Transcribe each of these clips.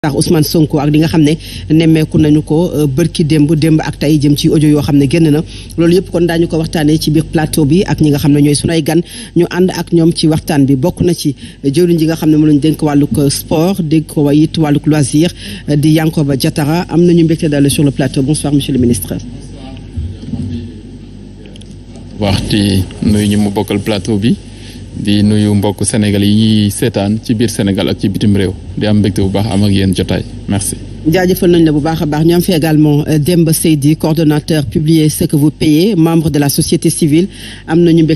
ndax Ousmane Sonko ak li nga xam ne nemmeeku nañu ko euh, bërki démb démb ak tey jëm ci audio yoo xam ne génn na loolu yëpp kon daañu ko waxtaanee ci biir plateau bi ak ñi nga xam ne ñooy sunuy gan ñu ànd ak ñoom ci waxtaan bi bokk na ci jëwriñ ji nga xam ne mu lañ dénk wàllug euh, sport dégg ko wa it wàllug loisir euh, di Yankoba Diatara am nañu mbégte daal sur le plateau bonsoir monsieur le ministre waxti bokkal plateau bi di nuyu mbokk Sénégal yi ñuy seetaan ci biir Sénégal ak ci bitim réew di am mbégte bu baax am ak yéen jotaay merci. jaajëfal nañ la bu baax a baax ñu am fi également euh, Demba Seydi coordonnateur publiez ce que vous payez membre de la société civile am bi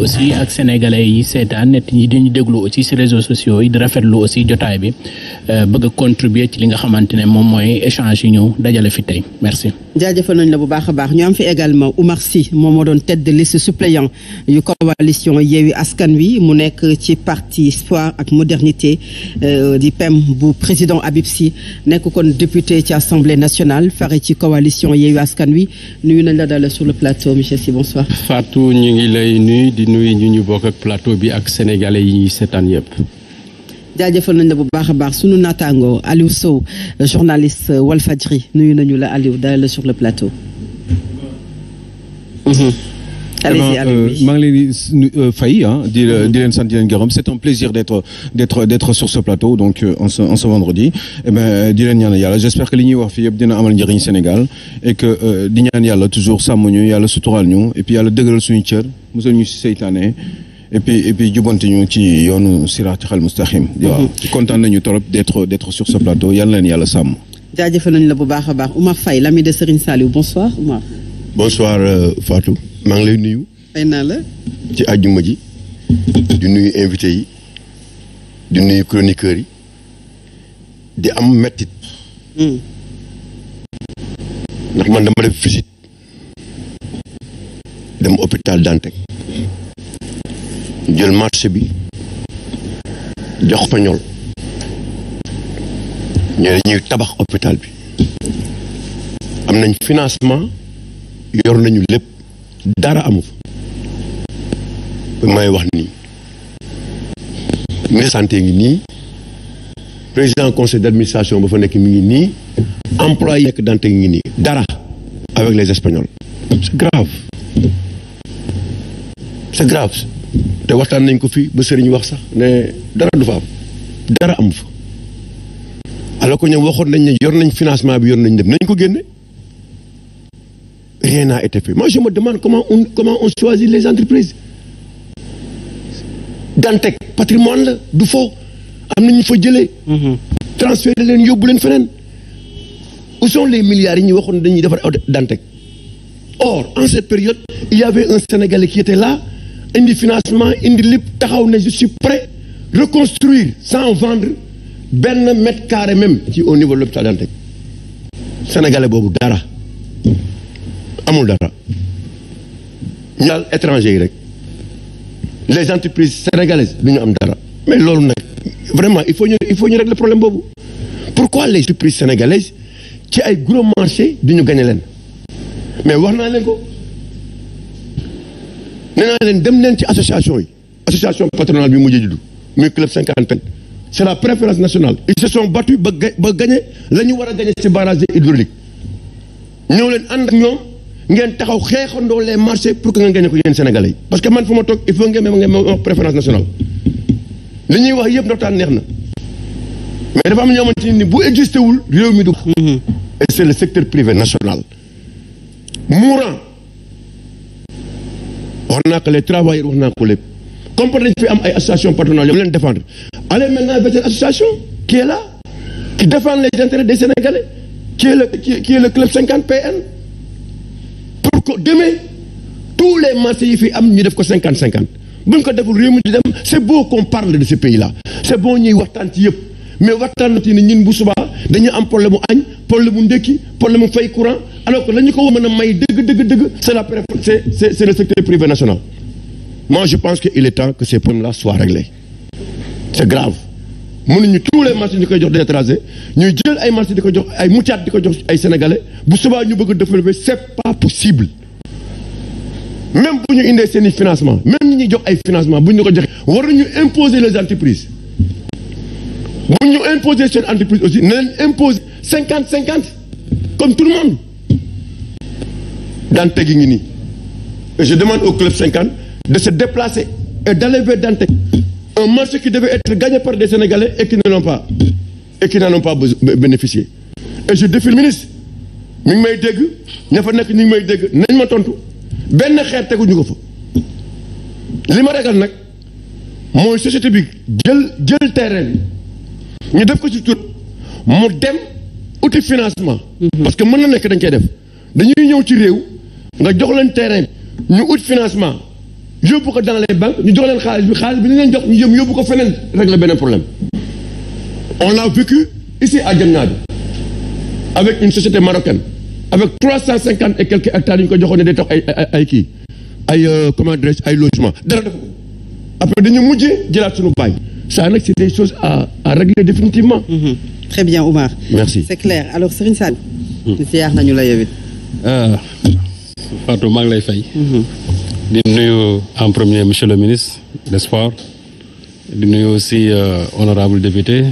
aussi ak sénégalais yi seetaan net ñi dañu déglu aussi si réseaux sociaux yi di rafetlu aussi jotaay bi euh, bëgg a ci li nga xamante ne moom mooy échange yi ñu dajale fi tey merci. jaajëfal nañ la bu baax baax ñu am fi également Oumar Sy moom moo doon tête de liste suppléant yu coalition Yewwi Askan Wi mu nekk ci. parti espoir ak modernité euh, di PEM bu président Habib si nekk kon député ci assemblée nationale fare ci coalition Yewwi Askan Wi nuyu nañ la dalal sur le plateau monsieur Sy bonsoir. Fatou ñu ngi lay nuyu di nuyu ñu ñu bokk ak plateau bi ak sénégalais yi ñuy seetaan yëpp. jaajëfal nañ la bu baax a baax sunu naataango Aliou Sow journaliste Walfadjri nuyu nañu la Aliou dalal la sur le plateau. Mhm. allez-y maa ngi leen di fay ah euh, di di leen sant di leen gërëm c'est un plaisir d'être d'être d'être sur ce plateau donc euh, en ce en ce vendredi eh ben euh, di leen ñaan yàlla j'espère que li ñuy wax fii yëpp dina amal njëriñ Sénégal et que di ñaan yàlla toujours sàmm ñu yàlla suturaal ñu et puis yàlla dëgëral suñu cër musal ñu si seytaane et puis et puis jubanti ñu ci yoonu siraatal mustaqim mhm. waaw kontaan nañu trop d'être d'être sur ce plateau yal na leen yàlla sàmm jaajëfal nañ la bu baax a baax Oumar Faye l'ami de Serigne Saliou bonsoir Oumar bonsoir Fatou maa ngi lay nuyu. ay naa la. ci àjjuma ji di nuyu invité yi du nuyu chroniqueurs yi di am mettit hmm. ndax man dama def visite dem hôpital Dantec jël marché bi jox fa ñool ñoo ñuy tabax hôpital bi am nañ financement yor nañu lépp dara amu fa may wax nii mais santé ngi nii président conseil d'administration ba fa nekk mi ngi nii employé nekk dante ngi nii dara avec les espagnols c'est grave c'est grave te waxtaan nañ ko fii ba sëriñ wax sax ne dara du fa am dara amu fa alors que ñoom waxoon nañ ne yor nañ financement bi yor nañ dem nañ ko génne rien n'a été fait. Moi, je me demande comment on, comment on choisit les entreprises. Dantec, patrimoine la du faux am na ñu fa jëlee. Mhm. transférer leen yóbbu leen feneen. où sont les milliards yi ñu waxoon dañuy defar Dantec. or en cette période il y avait un Sénégalais qui était là indi financement indi lépp taxaw ne je suis prêt reconstruire sans vendre benn mètre carré même ci au niveau de l'hôpital Dantec boobu dara. amul dara ñu daal étranger yi rek les entreprises sénégalaises du ñu am dara mais loolu nag vraiment il faut ñu il faut ñu régler problème boobu pourquoi les entreprises sénégalaises ci ay gros marché du ñu gañe leen mais wax naa leen ko nee leen dem leen ci association yi association patronale bi mujjee juddu muy club cinquantaine c'est la préférence nationale ils se sont battus ba ba gañe lañu ñu war a gañe ci barrage hydraulique ñëw leen ànd ñoom ngeen taxaw xeexandoo les marchés pour que nga gagné ko yéen Sénégalais yi parce que man fu ma toog il faut ngeen ma ngeen ma wax préférence nationale li ñuy wax yëpp ndoxtaan neex na mais dafa am ñoo xamante ni bu existé wul réew mi du. Mhm. et le secteur privé national. mourant wax naa ko les travailleurs wax naa ko lépp comme dañu fi am ay association patronale yoo leen défendre allez maintenant vers cette association qui ki là qui défend les intérêts des Sénégalais qui est le qui est demain tous les marchés yi fi am ñu def ko cinquante cinquante bu ñu ko deful réew mi di dem c'est beau qu'on parle de ce pays là c'est bon ñuy waxtaan ci yëpp mais waxtaan na ci ne ñun bu subaa dañu am problème mu añ problème mu ndékki problème mu fay courant alors que ko mën a may dëgg dëgg dëgg c'est la c'est c'est le secteur privé national moi je pense que il est temps que ces problèmes là soient réglés c'est grave mënuñu tous les marchés ñu koy jox des étrangers ñuy jël ay marchés di ko jox ay mucaat di ko jox ay sénégalais bu subaa ñu bëgg a développer c'est pas possible même bu ñu indee seen i financement même ñi ñuy jox ay financement bu ñu ko joxee war nañu imposer les entreprises bu ñu imposer seen entreprise aussi na leen imposer cinquante cinquante comme tout le monde Dantec yi ngi nii et demande au club cinquante de se déplacer et d'aller vers Dantec un marché ki devait être gagné par des Sénégalais et qui ne l'ont pas et qui n'en ont pas bénéficié et je ministre mi may dégg ña fa nekk ñu may dégg nañ ma tontu benn xeet teguñu ko fa li ma ragal nag mooy société bi jël jël terrain bi ñu def ko ci tur mu dem outil financement mhm. parce que mën na nekk dañ koy def dañuy ñëw ci réew nga jox leen terrain bi ñu ut financement yóbbu ko dans les banques ñu jox leen xaalis bi xaalis bi ñu leen jox ñu jëm yóbbu ko feneen régler beneen problème on l'a vécu ici à Diamniadio avec une société marocaine avec trois cent cinquante et quelques hectares yu ñu ko joxoon day tax ay ay ay euh, comment dirais-je ay logement dara def ko après dañu mujjee jëlaat suñu baay ça nag c'est des choses à à régler définitivement. Mm-hmm. très bien Oumar. merci c'est clair alors Serigne Sall. monsieur mm. Yakhna ñu la yow it. Ah, Fatou maa ngi lay fay. Mm-hmm. di nuyu en premier monsieur le ministre des sports di nuyu aussi euh, honorable député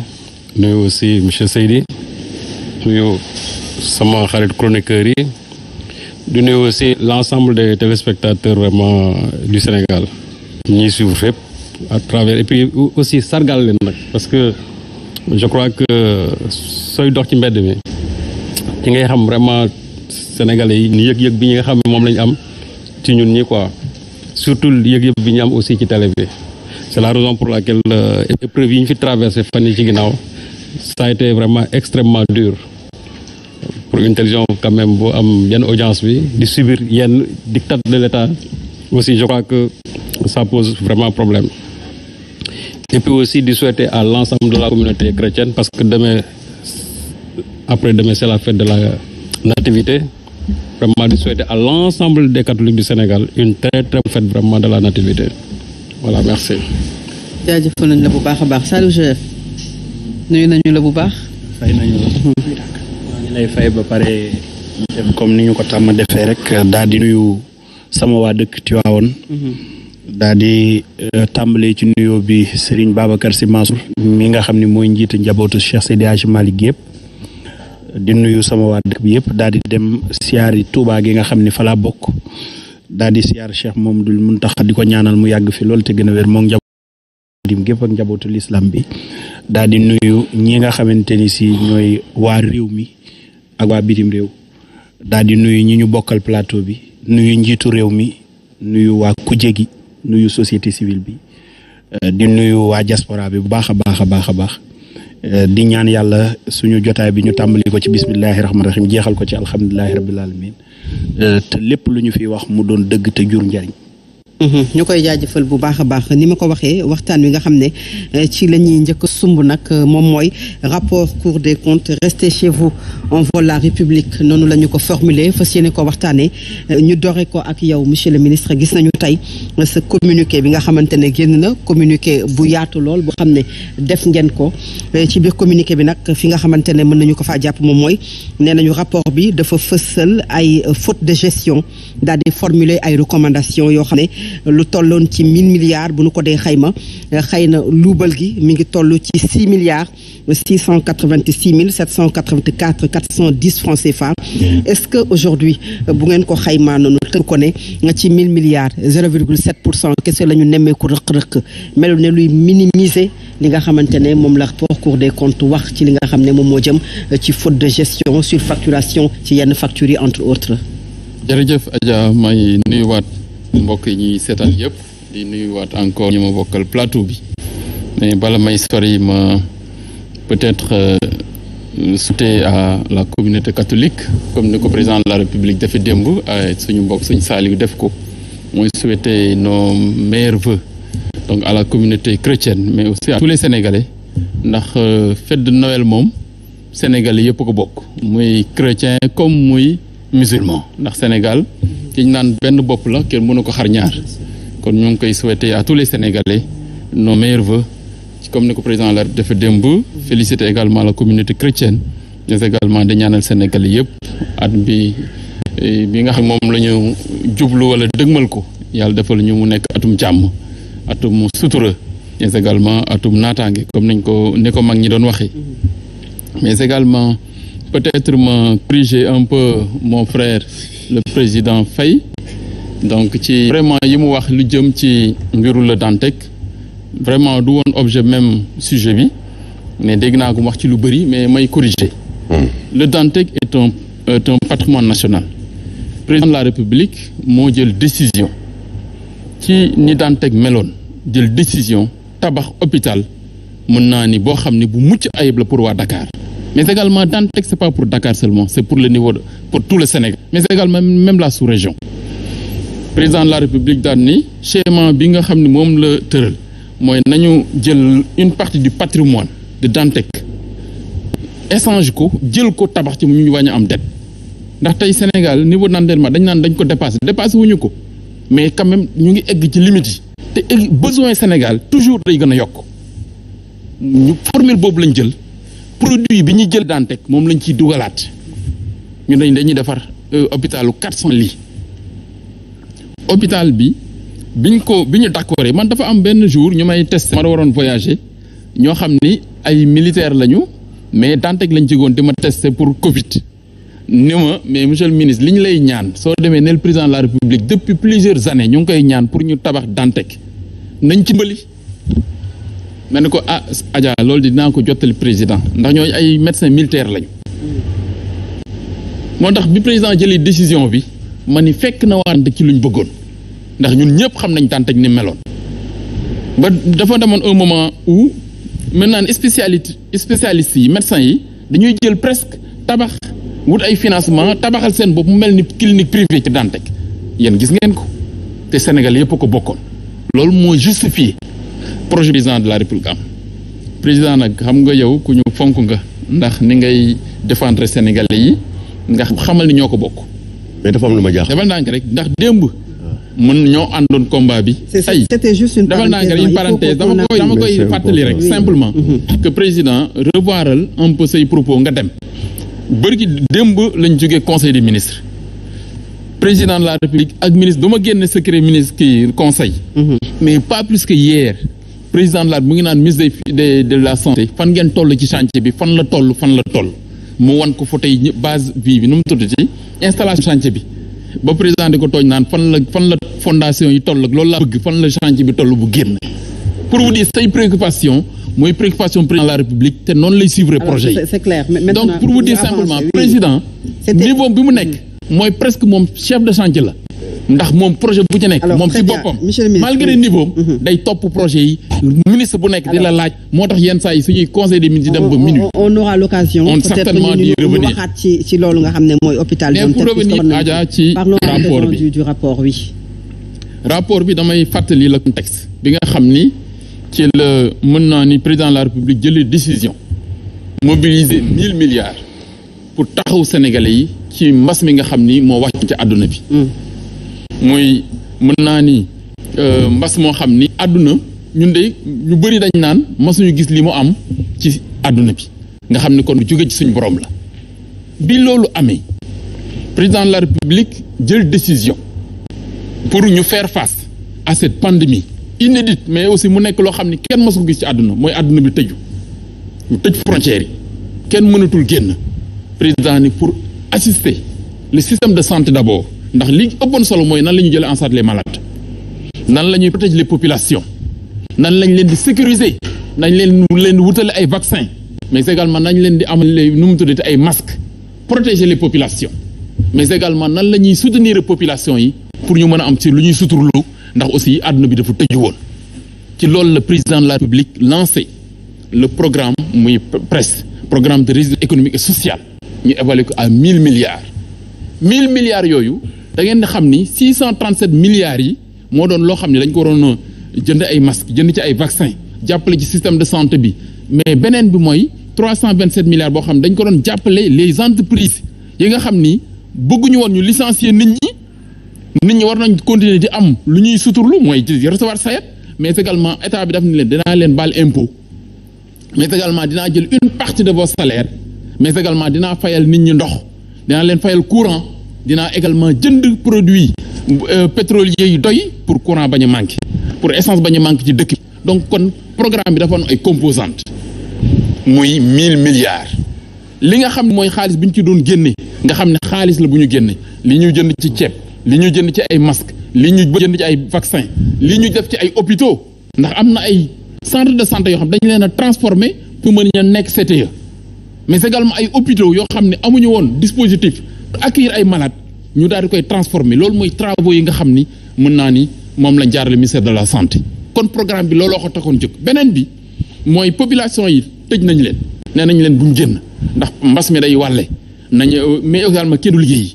nuyu aussi monsieur Seydi nuyu sama xarit chroniqueurs yi di nuyu aussi l'ensemble des téléspectateurs vraiment euh, du Sénégal ñuy suivre fépp à travers et puis aussi sargal leen nag parce que je crois que sooy dox ci mbedd mi ci ngay xam vraiment sénégalais yi yëg-yëg bi ñi nga xam moom lañu am ci ñun ñi quoi surtout yëg yëpp bi ñu am aussi ci télé bi c'est la raison pour laquelle euh, épreuve yi ñu fi traversé fan yi ci ginnaaw ça a été vraiment extrêmement dur pour une télévision quand même boo am yenn audience bi di subir yenn diktat de l'État aussi je crois que ça pose vraiment problème et puis aussi di souhaiter à l'ensemble de la communauté chrétienne parce que demain après demain c'est la fête de la nativité vraiment de souhaiter à l'ensemble des catholiques du Sénégal une très très bonne fête vraiment de la nativité voilà merci. jaajëfal nañ la bu baax a baax Saliou Chérif nuyu nañu la bu baax. fay nañu la. fay ba pare comme ni ñu ko tàmm defee rek daal di nuyu sama waa dëkk Tivaouane. Mhm. daal di euh, ci nuyoo bi Serigne Babacar Sy Mansour mi nga xam ni mooy njiitu njabootu Cheikh Seydi Hadji Malick yëpp. di nuyu sama waa dëkk bi yëpp daal di dem siyaari Touba gi nga xam ni fa bokk daal di siyaar Cheikh mun tax di ko ñaanal mu yàgg fi loolu te gën a wér moom njabootu gépp njabootu lislaam bi daal di nuyu ñi nga xamante ni si ñooy waa réew mi ak waa bitim réew daal di nuyu ñi ñu bokkal plateau bi nuyu njiitu réew mi nuyu waa kuje gi nuyu société civile bi di nuyu waa diaspora bi bu baax a baax a baax a baax Eh, di ñaan yàlla suñu jotaay bi ñu tàmbali ko ci bismillahi rahmaani rahim jeexal ko ci alhamdulilahi rabbil alamin eh, te lépp lu ñu fi wax mu doon dëgg te jur njariñ Mhm. ñu koy jaajëfal bu baax a baax ni ma ko waxee waxtaan wi nga xam ne euh, ci la ñuy njëkk sumb nag euh, moom mooy rapport Cour des comptes restez chez vous on la République noonu la ñu ko formuler fas yéene ko waxtaanee euh, ñu dore ko ak yow monsieur le ministre gis nañu tey sa communiqué bi nga xamante ne génn na communiqué bu yaatu lool boo xam ne def ngeen ko ci biir communiqué bi nag fi nga xamante ne mën nañu ko faa jàpp moom mooy nee nañu rapport bi dafa fësal ay faute de gestion daal di formuler ay recommandations yoo xam ne lu tolloon ci mille milliards bu nu ko dee xayma eh, xëy na luubal gi mi ngi toll ci six milliards six cent quatre mille sept cent quatre-vingt-quatre quatre cent dix francs CFA est-ce que aujourd'hui eh, bu ngeen ko xayma noonu tënk ko ne eh, ci mille milliards zéro virgule sept pour cent kese la ñu nemmeeku rëq-rëq melu ne luy minimiser li nga xamante ne moom la rapport Cour des wax ci li nga xam ne moom moo jëm ci faute de gestion surfacturation ci yenn factures yi entre autres jërëjëf Adja may mbokk yi ñuy seetaan yëpp di nuyuwaat encore ñu ma bokkal plateau bi mais bala may sori ma peut-être euh, souhaiter à la communauté catholique comme ni ko président de la république dafa démb suñu mbokk suñu saaliyu def ko mooy souhaiter nos meilleurs vœux donc à la communauté chrétienne mais aussi à tous les sénégalais ndax euh, fête de Noël moom sénégalais yëpp ko bokk muy chrétien comme muy musulman ndax Sénégal dañ naan benn bopp la kenn mënu ko xar ñaar kon ñu ngi koy souhaiter à tous les Sénégalais no meilleurs comme ni ko président la dafa démb féliciter également la communauté chrétienne mais également ñaanal Sénégalais yëpp at bi eh, bi nga xam moom la ñu jublu wala dëgmal ko yàlla defal ñu mu nekk atum jàmm atum sutura mais également atum naataange comme nañ ko ni ko mag ñi doon waxe mais également peut-être me corriger un peu mon frère le président fay donc ci vraiment yi mu wax lu jëm ci mbiru la Dantec vraiment du woon objet même sujet bi mais dégg naa ko mu wax ci lu bëri mais may corriger hmm. le Dantec est un est un national président la République moo jël décision ci ni Dantec meloon jël décision tabax hôpital mën naa ni boo xam ne bu mucc ayib la pour waa Dakar mais également Dantec c'est pas pour Dakar seulement c'est pour le niveau de pour tout le Sénégal mais également mem la sous-région président de la République daan ni schéma bi nga xam ni moom la tëral mooy nañu jël une partie du patrimoine de Dantec échange ko jël ko tabax ci mu ñu wàññi am det ndax tey Sénégal niveau ma dañ naan dañ ko dépassé dépassé ñu ko mais quand même ñu ngi egg ci limite te egg besoin Sénégal toujours day gën a yokk ñu formule boobu lañ jël produit bi ñu jël daan moom lañ ciy dugalaat ñu dañ dañuy defar euh, hôpitalu quatre cent lii hôpital bi biñ ko bi ñu ko d'accordé man dafa am benn jour ñu may test ma waroon voyager ñoo xam ni ay militaire lañu mais danteeg lañ ci di ma testé pour Covid ni ma mais monsieur le ministre li ñu lay ñaan soo demee nel président de la république depuis plusieurs années ñu ngi koy ñaan pour ñu tabax Dantec nañ ci mbali mel ni ko ah Adja loolu di dinaa ko jottali président ndax ñooñu ay médecin militaire lañu moo tax bi président jëlee décision bi ma ni fekk na waante ci luñ bëggoon ndax ñun ñëpp xam nañ tàntak ni meloon ba dafa demoon un moment où maintenant spécialité spécialistes yi médecins yi dañuy jël presque tabax wut ay financement tabaxal seen bopp mu mel ni clinique privée ci Dantec yéen gis ngeen ko te Sénégal yëpp ko bokkoon loolu moo fii projet président de la république am président nag xam nga yow ku ñu fonk nga ndax ni ngay défendre sénégalais yi nga xamal ni ñoo ko bokk. mais dafa lu ma jaaxal defal naa rek ndax démb. mën ñoo àndoon combat bi. tey c'était juste une parenthèse dama koy dama koy fàttali rek simplement. Mm-hmm. que président revoiral un peu propos nga dem. bërki démb lañ jógee conseil des ministre président de la république ak ministre dama génne secret ministre kii conseil. Mm-hmm. mais pas plus que hier. président laat mu ngi naan ministre de de la santé fan ngeen toll ci chantier bi fan la toll fan la toll mu wan ko fa base bi nu mu tudd ci installation chantier bi ba président ko tooñ naan fan la fan la fondation yi toll lool loolu laa bëgg fan la chantier bi toll bu génn pour vous dire say préoccupation mooy préoccupation président la république te noonu lay suivre projet yi c'est clair donc pour vous dire simplement président niveau bi mu nekk mooy presque moom chef de chantier la ndax moom projet bu ci nekk moom ci boppam malgré niveau mhm. day topp projet yi ministre bu nekk di la laaj moo tax yenn saa yi suñuy conseil des ministres dem ba minuit on aura l'occasion certainement d'y revenir waxaat ci ci pour revenir Adja ci rapport bi damay fàttali le contexte bi nga xam ni ci la mën naa ni président de la république jëlee décision mobiliser mille milliards pour taxaw sénégalais yi ci mbas mi nga xam ni moo wàcc ci àdduna bi mm. mooy mën naa ni euh, mbas moo xam ni àdduna ñun de ñu bëri dañ naan masuñu gis li mu am ci àdduna bi nga xam ni kon lu jóge ci suñu borom la bi loolu amee président de la république jël décision pour ñu fair face à cette pandémie inédite mais aussi mu nekk loo xam ni kenn masu ko gis ci àdduna mooy àdduna bi tëju ñu tëj frontières yi kenn mënatul génn président ni pour assister le système de santé d'abord ndax li ëppoon solo mooy nan la ñuy jëlee en charge les malades nan la ñuy protéger les populations nan lañ leen di sécuriser nañ leen leen wutale ay vaccin mais également nañ leen di amal nu mu tuddati ay masques protéger les populations mais également nan la ñuy soutenir population yi pour ñu mën a am ci lu ñuy suturlu ndax aussi àdduna bi dafa tëju woon ci loolu le président de la République lancé le programme muy presse programme de résilience économique et sociale ñu évalué ko à mille milliards mille milliards yooyu da ngeen di xam ni six cent trente sept milliards yi moo doon loo xam ne dañ ko waroon jënd ay masques jënd ci ay vaccin jàppale ci système de santé bi mais beneen bi mooy trois cent vingt sept milliards boo xam ne dañ ko doon jàppale les entreprises yi nga xam ni bëgguñu woon ñu licencier nit ñi nit ñi war nañ continuer di am lu ñuy suturlu mooy ci recevoir sayet mais également état bi daf ni leen dinaa leen baal impôt mais également dinaa jël une partie de vos salaires mais également dinaa fayal nit ñi ndox dinaa leen fayal courant dinaa également jënd produit euh, pétrolier yi doy pour courant bañ a manqué pour essence bañ a manqué ci dëkk bi donc kon programme bi dafa am ay composante muy mille milliards li nga xam mooy xaalis bu ñu ci doon génne nga xam ne xaalis la bu ñu génne li ñu jënd ci ceeb li ñu jënd ci ay masques li ñu jënd ci ay vaccin li ñu def ci ay hôpitaux ndax am na ay centre de santé yoo xam dañu leen a transformé pour mën a nekk CTE mais ma ay hôpitaux yoo xam ne amuñu woon dispositif accueillir ay malades ñu daal di koy transformer loolu mooy travaux yi nga xam ni mën naa ni moom lañ jaarale ministère de la santé kon programme bi looloo ko taxoon jóg beneen bi mooy population yi tëj nañ leen nee nañ leen buñ génn ndax mbas mi day wàlle nañ mais également kenn du liggéey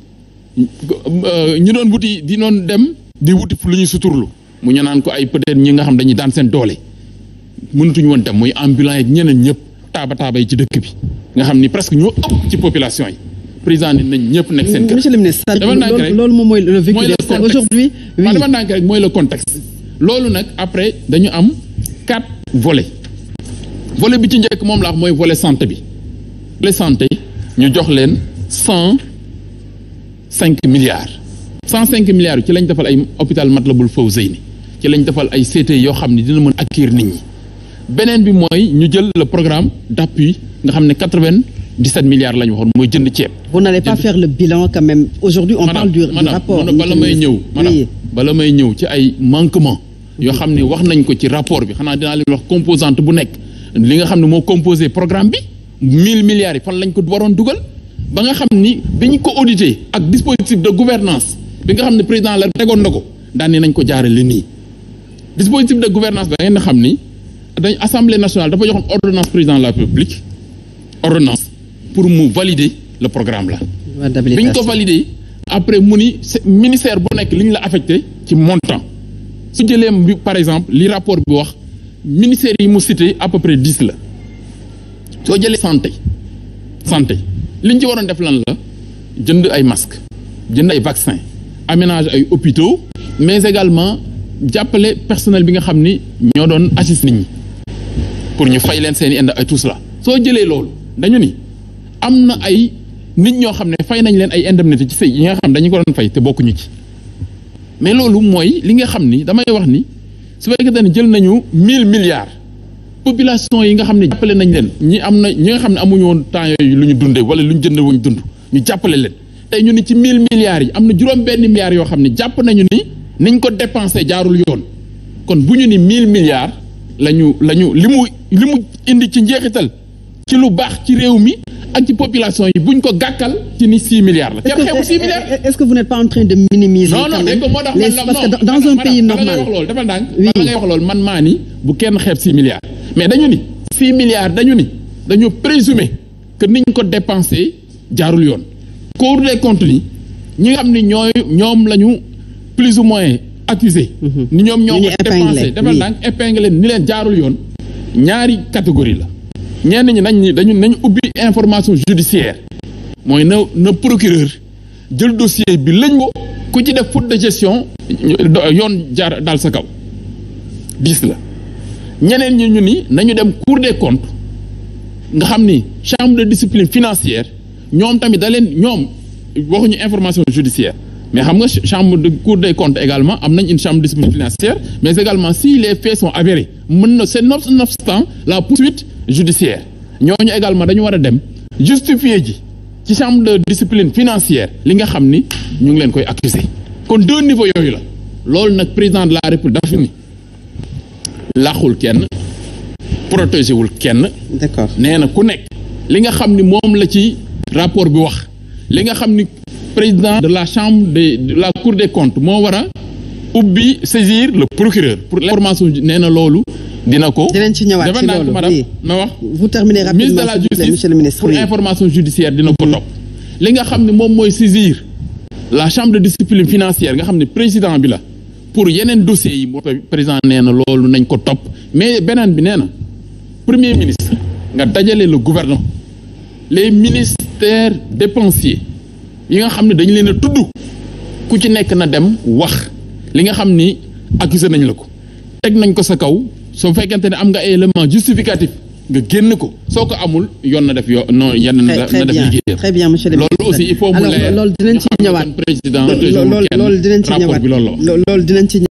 ñu doon wuti di doon dem di wuti lu ñuy suturlu mu ñu naan ko ay peut ñi nga xam dañuy daan seen doole mënatuñu woon dem muy ambulant ñeneen ñëpp taaba taaba yi ci dëkk bi nga xam ni presque ñoo ëpp ci population yi président ni nañ ñëpp nag seen kër. monsieur le ministre dama ndànk rek loolu moom mooy le vécu aujourd'hui oui dama rek mooy le contexte loolu nag après dañu am quatre vole vole bi ci njëkk moom la mooy volet santé bi le santé ñu jox leen cent cinq milliards cent cinq milliards ci lañ defal ay hôpital Matlaboul Fawzeyni ci lañ defal ay CTE yoo xam ni dina mën ak kiir nit ñi beneen bi mooy ñu jël le programme d'appui nga xam ne quatre-vingt-dix-sept milliards la ñu waxoon mooy jënd ceeb. vous n'allez pas faire le bilan quand même aujourd'hui on parle du rapport bala may ñëw maanaam bala may ñëw ci ay manquement yoo xam ne wax nañ ko ci rapport bi xanaa dinaa leen wax composante bu nekk li nga xam ne moo composé programme bi mille milliards yi fan lañ ko waroon dugal ba nga xam ni dañu ko audité ak dispositif de gouvernance bi nga xam ne président la tegoon na ko daan nañ ko jaarale nii dispositif de gouvernance ba ngeen xam ni dañ assemblée nationale dafa joxoon ordonnance président de la République ordonnance pour mu valider la programme la bi ñu ko valider après mu ni ministère bu nekk li ñu la affecté ci montant su jëlee bi par exemple li rapport bi wax ministère yi mu cité à peu près la soo jëlee santé santé li ñu ci waroon def lan la jënd ay masques jënd ay vaccin aménage ay hôpitaux mais également jàppale personnel bi nga xam ni ñoo doon assist nit ñi pour ñu fay leen seen i ind ay tout cela soo jëlee loolu dañu ni am na ay nit ñoo xam ne fay nañ leen ay indemnité ci sëy yi nga xam dañu ko doon fay te bokkuñu ci mais loolu mooy li nga xam ni damay wax ni su fekkee ne jël nañu mille milliards population yi nga xam ne jàppale nañ leen ñi am na ñi nga xam ne amuñu woon temps yooyu lu ñu dundee wala lu ñu jënd wuñ dund ñu jàppale leen tey ñu ni ci mille milliards yi am na juróom benn milliards yoo xam ne jàpp nañu ni niñ ko dépensé jaarul yoon kon bu ñu ni mille milliards lañu lañu li mu li mu indi ci njeexital ci lu baax ci réew mi ak ci population yi buñ ko gàkkal ci ni 6 milliards la. kenn xeebu 6 milliards est-ce que vous n'êtes pas en train de minimiser. non parce que dans un pays normal man maa ni bu kenn xeeb 6 milliards. mais dañu ni 6 milliards dañu ni dañu présumer que niñ ko dépensé jaarul yoon. Cour des comptes ni ñi nga xam ni ñooy ñoom lañu plus ou moins. accusé mhm. ni ñoom ñoo ko dépensé defal ndànk épinglé ni leen jaarul yoon ñaari catégorie la ñenn ñi nañ ñi dañu nañ ubbi information judiciaire mooy na na procureur jël dossier bi lañ ko ku ci def faute de gestion yoon jaar daal sa kaw dix la ñeneen ñi ñu ni nañu dem cour des comptes nga xam ni chambre de discipline financière ñoom tamit da leen ñoom waxuñu information judiciaire mais xam nga chambre de cour des comptes également am nañ une chambre disciplinaire mais également si les faits sont avérés mën na c'est nonobstant la poursuite judiciaire ñooñu également dañu war a dem justifier ji ci chambre de discipline financière li nga xam ni ñu ngi leen koy accuser kon deux niveaux yooyu la loolu nag président de la république dafa ni laaxul kenn protégé wul kenn. d'accord nee na ku nekk. li nga xam ni moom la ci rapport bi wax li nga xam ni président de la chambre des de la cour des comptes moo war a ubbi saisir le procureur pour l'information nee na loolu dina ko. dinañ ci ñëwaat ci loolu madame ma wax. vous terminez rapidement ministre la justice pour information judiciaire dina ko mhm. topp. li nga xam ne moom mooy saisir la chambre de discipline financière nga xam ne président bi la pour yeneen dossiers yi moo président nee na loolu nañ ko topp mais beneen bi nee na premier ministre nga dajale la gouvernement les ministères dépensiers. yi nga xam ne dañu leen a tudd ku ci nekk na dem wax li nga xam ni accusé nañ la ko teg nañ ko sa kaw soo fekkente ne am nga ay élément justificatif nga génn ko soo ko amul yoon na def yoo non yenn na def liggéeyam très bien monsieur le loolu aussi il faut mu dinañ ci ñëwaat président loolu dinañ ci ñëwaat